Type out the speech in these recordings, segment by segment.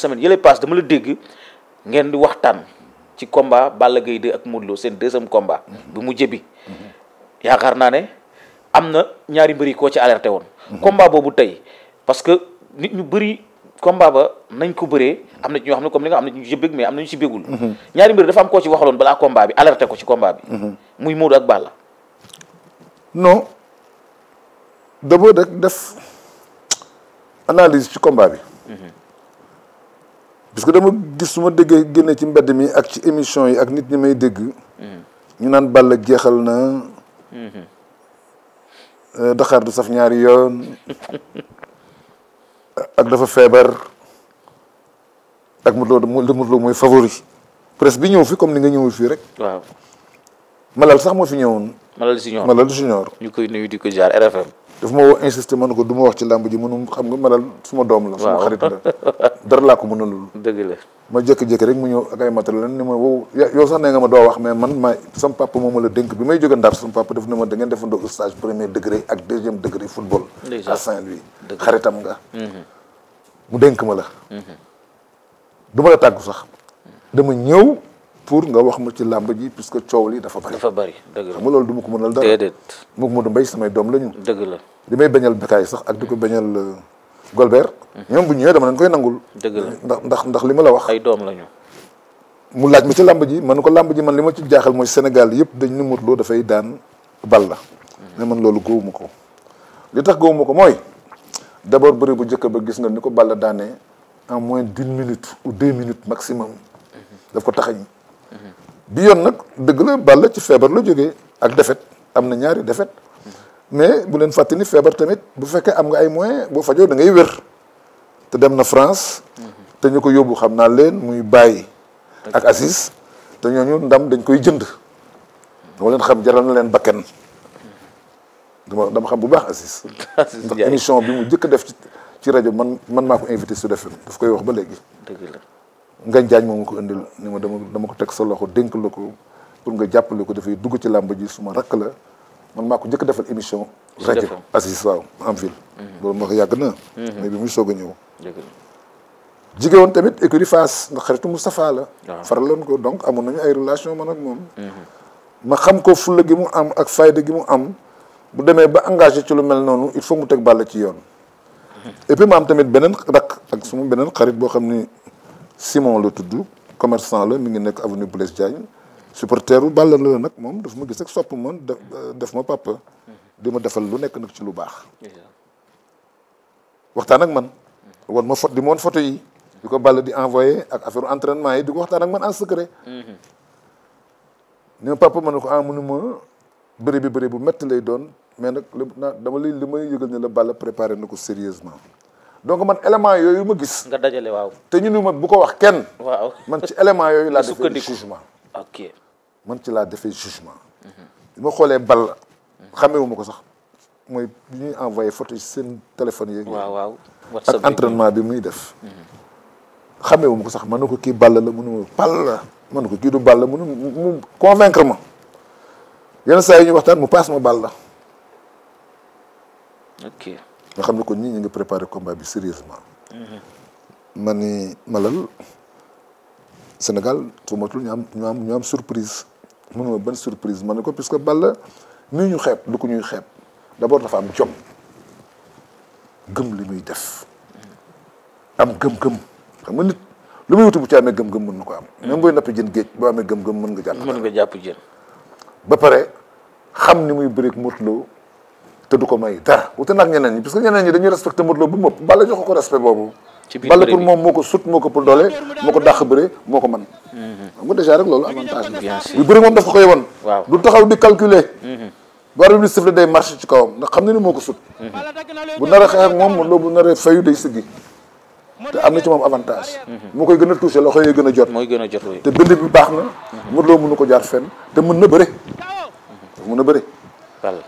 semaine yële passe dama la dégg ngeen di waxtaan ci combat Balla Gaye 2 ak Modou Lo seen deuxième combat. bu mu bi yaakaar naa ne am na ñaari mbëri koo ci alerté woon. combat boobu tey parce que nit ñu bëri combat ba nañ ko bëree am na ci ñoo xam ne comme li am na ñu ci mais am na ñu ci bëggul. ñaari mbëri dafa am koo ci waxaloon balaa combat bi alerté ko ci combat bi. muy Modou ak Balla. non d'abord rek def analyse ci combat bi. Mhm. parce que dama gis su ma déggee génne ci mbedd mi ak ci émission yi ak nit ñi may dégg. ñu naan Balla jeexal na. Euh, daxaar du saf ñaari yoon. ak dafa feebar. ak Modou Lo Modou Lo mooy favori. presse bi ñëw fi comme ni nga ñëwul fii rek. waaw. Malal sax moo fi ñëwoon. Malal Junior Malal Junior. ñu koy nuyu di ko jaar daf ma woo insisté ma ko du ma wax ci làmb ji mënum xam nga ma daal suma doom la suma xarit la dara laa ko mën a lul dëgg ma jékki-jékki rek mu ñëw ak ay matériel ni ma wow yow sax nee nga ma doo wax mais man ma sama papa moom la dénk bi may jóge Ndar sama papa daf ne ma da ngeen defandoo stage premier degré ak deuxième degré football à Saint-Louis xaritam nga mhm. mu dénk ma la mhm. du ma la tàggu sax dama ñëw pour nga wax ma ci làmb ji puisque coow li dafa bëri. dafa bëri dëgg la xam nga loolu du ma ko mënal dara déedéet. mu ko Modou Mbaye samay doom la ñu. dëgg la li may bañal Bécaye sax ak di ko bañal euh, Golbert. Mhm. ñoom bu ñëwee dama leen koy nangul. dëgg la ndax ndax ndax li ma la wax. ay doom la ñu. mu laaj ma ci làmb ji man ko làmb ji man li ma ci jaaxal mooy Sénégal yëpp dañ ne Modou Lo dafay daan Balla. Mhm. ne man loolu gëwuma ko li tax gëwuma ko mooy d' abord bëri bu njëkk ba gis nga ni ko Balla daanee en moins d' une minute ou deux minutes maximum mhm. daf ko taxañ. bi yoon nag dëgg la Balla ci feebar la jógee ak défaite am na ñaari défaite mais bu leen fàttali feebar tamit bu fekkee am nga ay moyen boo fajoo da ngay wér te dem na France te ñu ko yóbbu xam naa leen muy bàyyi ak Aziz te ñooñu ndam dañ koy jënd dama leen xam jaral na leen bakken dama dama xam bu baax Aziz ndax mission bi mu jëkk def ci rajo man man maa ko invité su defee daf koy wax ba léegi dëgg nga jaañ moom ma ko indil ni ma dama dama ko teg sa loxo dénk la ko pour nga jàppale ko dafay dugg ci làmb ji suma rakk la man maa ko njëkk defal émission rajo Aziz waaw en ville mhm. loolu moo ko yàgg na mhm. mais soog a ñëw jigé woon tamit écurie Fass ndax xaritu Moustapha la faraloon ko donc amoon nañu ay relation man ak moom mhm. ma xam ko fulla gi mu am ak fayda gi mu am bu demee ba engagé ci lu mel noonu il faut mu teg bàll ci yoon et puis ma am tamit beneen rak ak suma beneen xarit boo xam ni Simon la tudd commerçant la mi ngi nekk avenue Blaise Diagne supporteru Balla la nag moom dafa ma gis rek sopp ma def euh, ma papa mhm. di ma defal lu nekk nag ci lu baax waxtaan ak man wan ma fot di ma woon photo yi di ko Balla di envoyé ak affaire entraînement yi di ko waxtaan ak man en secret mhm. ni ma papa ma ne ko ah mu ne ma bëri bi bëri bu metti lay doon mais nag li naa dama lay li may yëgal ne la Balla préparé na ko sérieusement donc man élément yooyu ma gis. nga dajale waaw. te ñu ne ma bu ko wax kenn. waaw man ci élément yooyu laa defee jugement. ok man ci laa defee jugement. bi ma xoolee bal la. xamewu ma ko sax mooy bi ñuy envoyé photo seen téléphone yeeg. waaw waaw ak entraînement bi muy def. xamewu ma ko sax man na ko kii ball la mënu ma ball la man na ko kii du ball la mënu mu convaincre ma yenn saa yi ñu waxtaan mu paas ma bal la. ok. nga xam ne kon nii ñu ngi préparé combat bi sérieusement mhm. ma ni Malal Sénégal su matul ñu am ñu am ñu am surprise mun ma ban surprise ma ne ko que Balla nii ñu xeeb du ko ñuy xeeb d'abord dafa am jom gëm li muy def mhm. am gëm-gëm xam nga nit li muy wuti bu ci amee gëm-gëm mën na ko am mhm. même booy napp jën géej boo amee gëm-gëm mën nga jàpp mën nga jàpp jën ba pare xam ni muy bëreeg Modou te du ko may dara wute nag ñeneen ñi parce que ñeneen ñi dañuy respecté Modou ko respect boobu moom moo ko sut moo ko pour doole moo ko dàq bëre moo ko mën mhm. xam nga déjà rek loolu avantage bëri moom daf ko koy woon waaw du taxaw di calculer mhm. bu arbitre bi siffle day marché xam na ni moo ko sut mhm. bu nar a xeex ak moom Modou Lo am na moom avantage moo koy gën a touché loxo yi gën a jot mooy gën a te bind bi baax na Modou ko jaar fenn te mën na bëre mën na bëre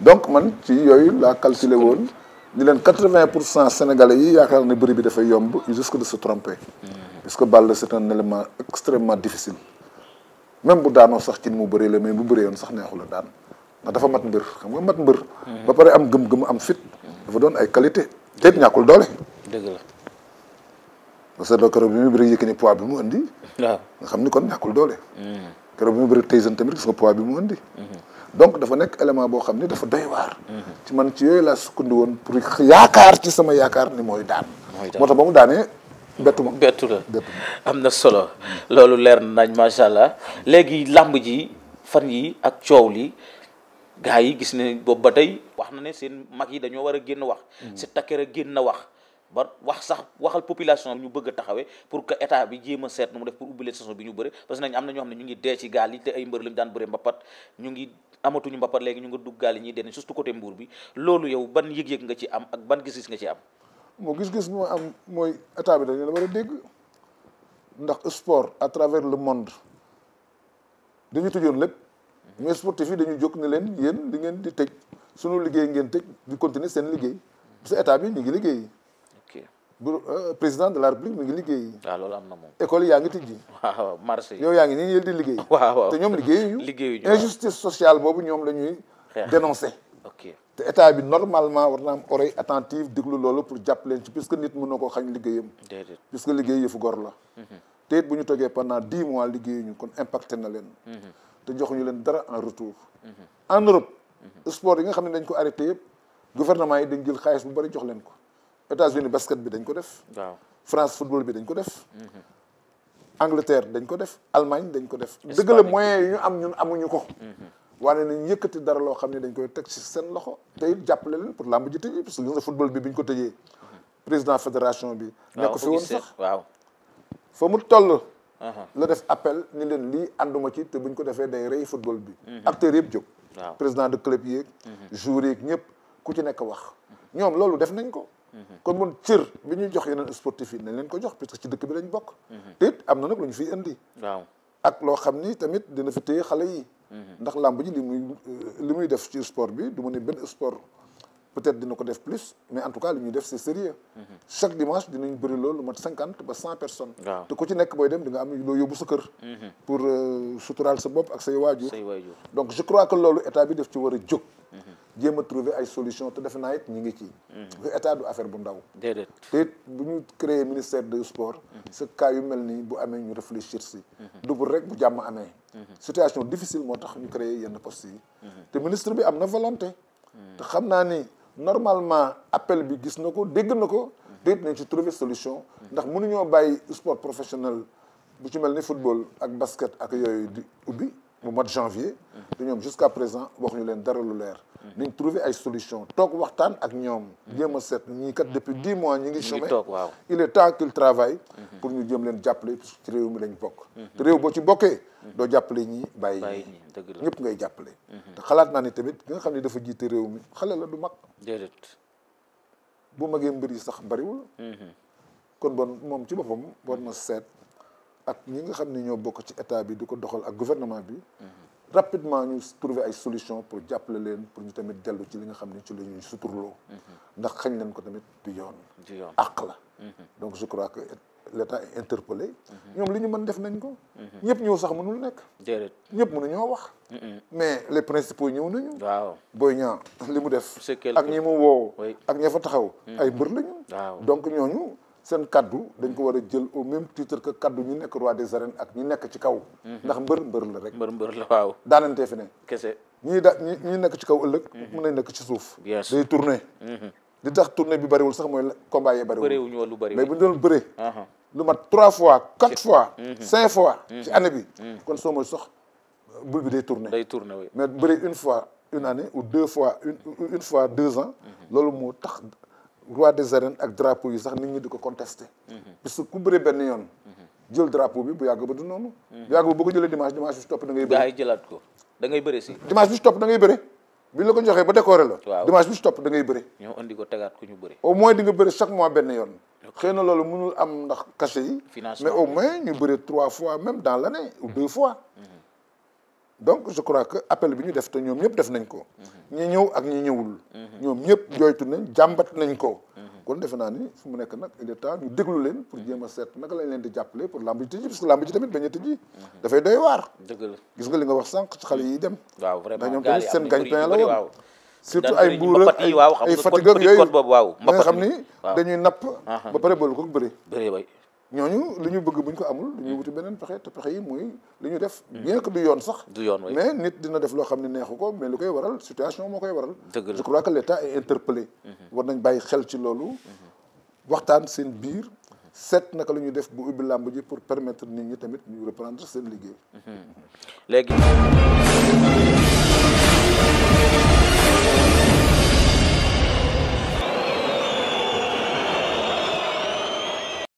donc man ci yooyu laa calculer woon ni leen quatre-vingt pour cent sénégalais yi yaakaar ne bëri bi dafay yomb il risque de se tromper hmm. parce que Balla c'est un élément extrêmement difficile même bu daanoo sax ci ni mu bëree la mais bu bëree yoon sax neexu la daan ndax dafa mat mbër xam nga mat mbër hmm. ba pare am gëm-gëm am fit hmm. dafa doon ay qualité te ñàkkul doole dëgg la parce que keroog bi mu bëri Yékini poids bi mu indi nga xam ni kon ñàkkul doole keroog bi mu bëri Tyson tamit gis nga bi mu indi donc dafa nekk élément boo xam ni dafa doy waar. ci man ci yooyu laa sukkandi pour yaakaar ci sama yaakaar ni mooy daan. moo tax ba mu daanee bettu ma bettu la am na solo loolu leer nañ macha allah léegi làmb ji fan yi ak coow li gars yi gis ne boobu ba tey wax na ne seen mag yi dañoo war a génn wax. Mm-hmm. si takkere génn wax. ba wax sax waxal population bi ñu bëgg taxawee pour que état bi jéem a seet na mu def pour ubbile saison bi ñu bëri parce que nañ am na ñoo xam ne ñu ngi dee ci gaal yi te ay mbër lañ daan bëri mbapat ñu ngi amatuñu mbappat léegi ñu nga duggaale ñuy dene surtout côté Mbour bi loolu yow ban yëg-yëg nga ci am ak ban gis-gis nga ci am moo gis-gis moo am mooy état bi dañu la war a dégg ndax sport à travers le monde dañu tëjoon lépp mm-hmm. mais sportif yi dañu jóg ne leen yéen li ngeen di tëj sunu liggéey ngeen tëj di continuer seen liggéey parce état bi ñu ngi liggéey bu euh, président de la république mi ngi liggéey. waaw ah, loolu am na moom. école yaa ngi tijji. waaw marché yi yow yaa ngi nii yéen di liggéey. waaw te ñoom liggéeyuñu. injustice sociale boobu ñoom la ñuy. dénoncer. ok te état bi normalement war na am oreille attentive déglu loolu pour jàpp leen ci puisque nit mën na ko xañ liggéeyam. déedéet puisque liggéey yëfu gor la. Mhm. te it bu ñu toggee pendant dix mois liggéeyuñu kon impacté na leen. Mhm. te joxuñu leen dara en retour. Mhm. en Europe. sport yi nga xam ne dañ ko arrêté yëpp gouvernement yi dañ jël bu bari jox leen ko États-Unis basket bi dañ ko def. waaw France football bi dañ ko def. Mm-hmm. Angleterre dañ ko def Allemagne dañ ko def. dëgg la moyens yi ñu am ñun amuñu ko. Mm-hmm. waaye nañ yëkkati dara loo xam ne dañ koy teg ci seen loxo te it jàppale leen pour làmb ji tëjee parce que gis nga football bi ko tëjee. Mm-hmm. président fédération bi. nekk fi woon sax waaw. fa mu toll. Uh-huh. la def appel ni leen lii ànduma ci te buñ ko defee day rey football bi. acteurs yëpp jóg. président de club yeeg. joueurs yeeg ñëpp ku ci nekk wax. ñoom loolu def nañ ko. Mhm. kon mun cër bi ñuy jox yeneen sportif yi nañ leen ko jox parce que ci dëkk bi lañ bokk. Mhm. te it am na nag lu ñu fiy indi. ak loo xam ni tamit dina fi téye xale yi. Mhm. ndax làmb ji li muy li muy def ci sport bi du ma ne benn sport peut-être dina ko def plus mais en tout cas li ñuy def si sérieux chaque dimanche dinañ bëri loolu mat cinquante ba cent personnes. te ku ci nekk booy dem di nga am loo yóbbu sa kër. pour euh, suturaal sa bopp ak say waajur. say waajur donc je crois que loolu état bi def ci war a jóg. jéem a trouver ay solution te defe naa it ñi ngi ci. bu mhm. état du affaire bu ndaw. déedéet te it bu ñu créer ministère de sport. Mhm. ce cas yu mel nii bu amee ñu réfléchir si. Mhm. du bu rek bu jàmm amee. situation difficile moo tax ñu créer yenn postes yi. te ministre bi am na volonté. te xam naa ni normalement appel bi gis na ko dégg na ko. te it nañ ci trouver solution. ndax mënuñoo bàyyi sport professionnel bu ci mel ni football ak basket ak yooyu di ubbi. mu mois de janvier. te ñoom jusqu'à présent waxuñu leen dara lu leer. dañ trouver ay solution toog waxtaan ak ñoom jëm a seet ñii kat depuis di mois ñu ngi chômé waaw il est temps qu'il travaille pour ñu jëm leen jàppale ci réew mi lañ bokk te réew boo ci bokkee doo jàppale ñi bàyyi ñii ñëpp ngay jàppale mhm. te xalaat naa ne tamit ki nga xam ne dafa jiite réew mi xale la du mag déedéet bu magee mbir yi sax bariwul mhm. kon bon moom ci boppam war na seet ak ñi nga xam ne ñoo bokk ci état bi di ko doxal ak gouvernement bi mhm. rapidement ñu trouver ay solution pour jàppale leen pour ñu tamit dellu ci li nga xam ne ci la ñuy suturloo mhm. ndax xañ leen ko tamit du yoon àq la mhm. donc je crois que l'État est interpellé mhm. ñoom li ñu mën def nañ ko ñëpp ñëw sax mënul nekk déedéet ñëpp mënuñoo wax mais les principaux ñëw nañu booy ñaa Niang li mu def ak ñii mu woow ak ña fa taxaw ay mbër lañu donc ñooñu seen kaddu dañ ko war a jël au même titre que kaddu ñu nekk roi des arènes ak ñu nekk ci kaw. Mhm. ndax mbër mbër la rek. mbër mbër la waaw. daanante fi kese ñii nekk ci kaw ëllëg. Mhm. mën nañ nekk ci suuf. bien sûr day tourné. Mhm. li tax tournée bi bariwul sax mooy combat yee bëriwul. bëriwul ñu lu bëriwul mais bu ñu doon bëree. lu mat trois fois quatre fois. cinq fois. ci année bi. kon soo mooy sox bul bi day tourné. day tourné oui mais bëri une fois une année ou deux fois une une fois deux ans. loolu moo tax. roi des arènes ak drapeau yi sax nit ñi di ko contesté mhm. parce que ku bëri benn yoon mhm. jël drapeau bi bu yàgg ba du noonu mhm. bu yàgg ba boo ko jëlee dimanche dimanche bi si topp da ngay bëri jëlaat ko da ngay bëri si bi si da ngay bëri bi ko joxee ba décoré la dimanche bi si topp da ngay bëri ñoo andi ko tegaat ku ñu bëri au moins di nga bëri chaque mois benn yoon xëy na loolu mënul am ndax cachet yi mais au moins ñu bëri trois fois même dans l'année ou deux fois donc je crois que appel bi ñu def te ñoom ñëpp def nañ ko. ñi ñëw ak ñi ñëwul. ñoom ñëpp jooytu nañ jàmbat nañ ko. kon defe naa ni fu mu nekk nag il est temps leen pour jéem a seet naka lañ leen di jàppale pour làmb ji tëji parce que làmb a tëji. dafay doy waar. gis nga li nga wax sànq ci xale yi dem. waaw vraiment ndax ñoom tamit seen gagne-pain la woon. surtout ay mbuura ay ay fatigue ak yooyu nga xam ni dañuy napp ba pare boolu ko bëri ñooñu li ñu bëgg bu ko amul ñu wuti beneen pexe te pexe yi muy li ñu def mm. bien que du yoon sax du yoon mais nit dina def loo xam ne neexu mais lu koy waral situation moo koy waral je crois que l'état est interpellé mm-hmm. war nañ bàyyi xel ci loolu mm-hmm. waxtaan seen biir mm-hmm. seet naka la ñuy def bu ubbi làmb ji pour permettre nit ñi tamit ñu reprendre seen liggéey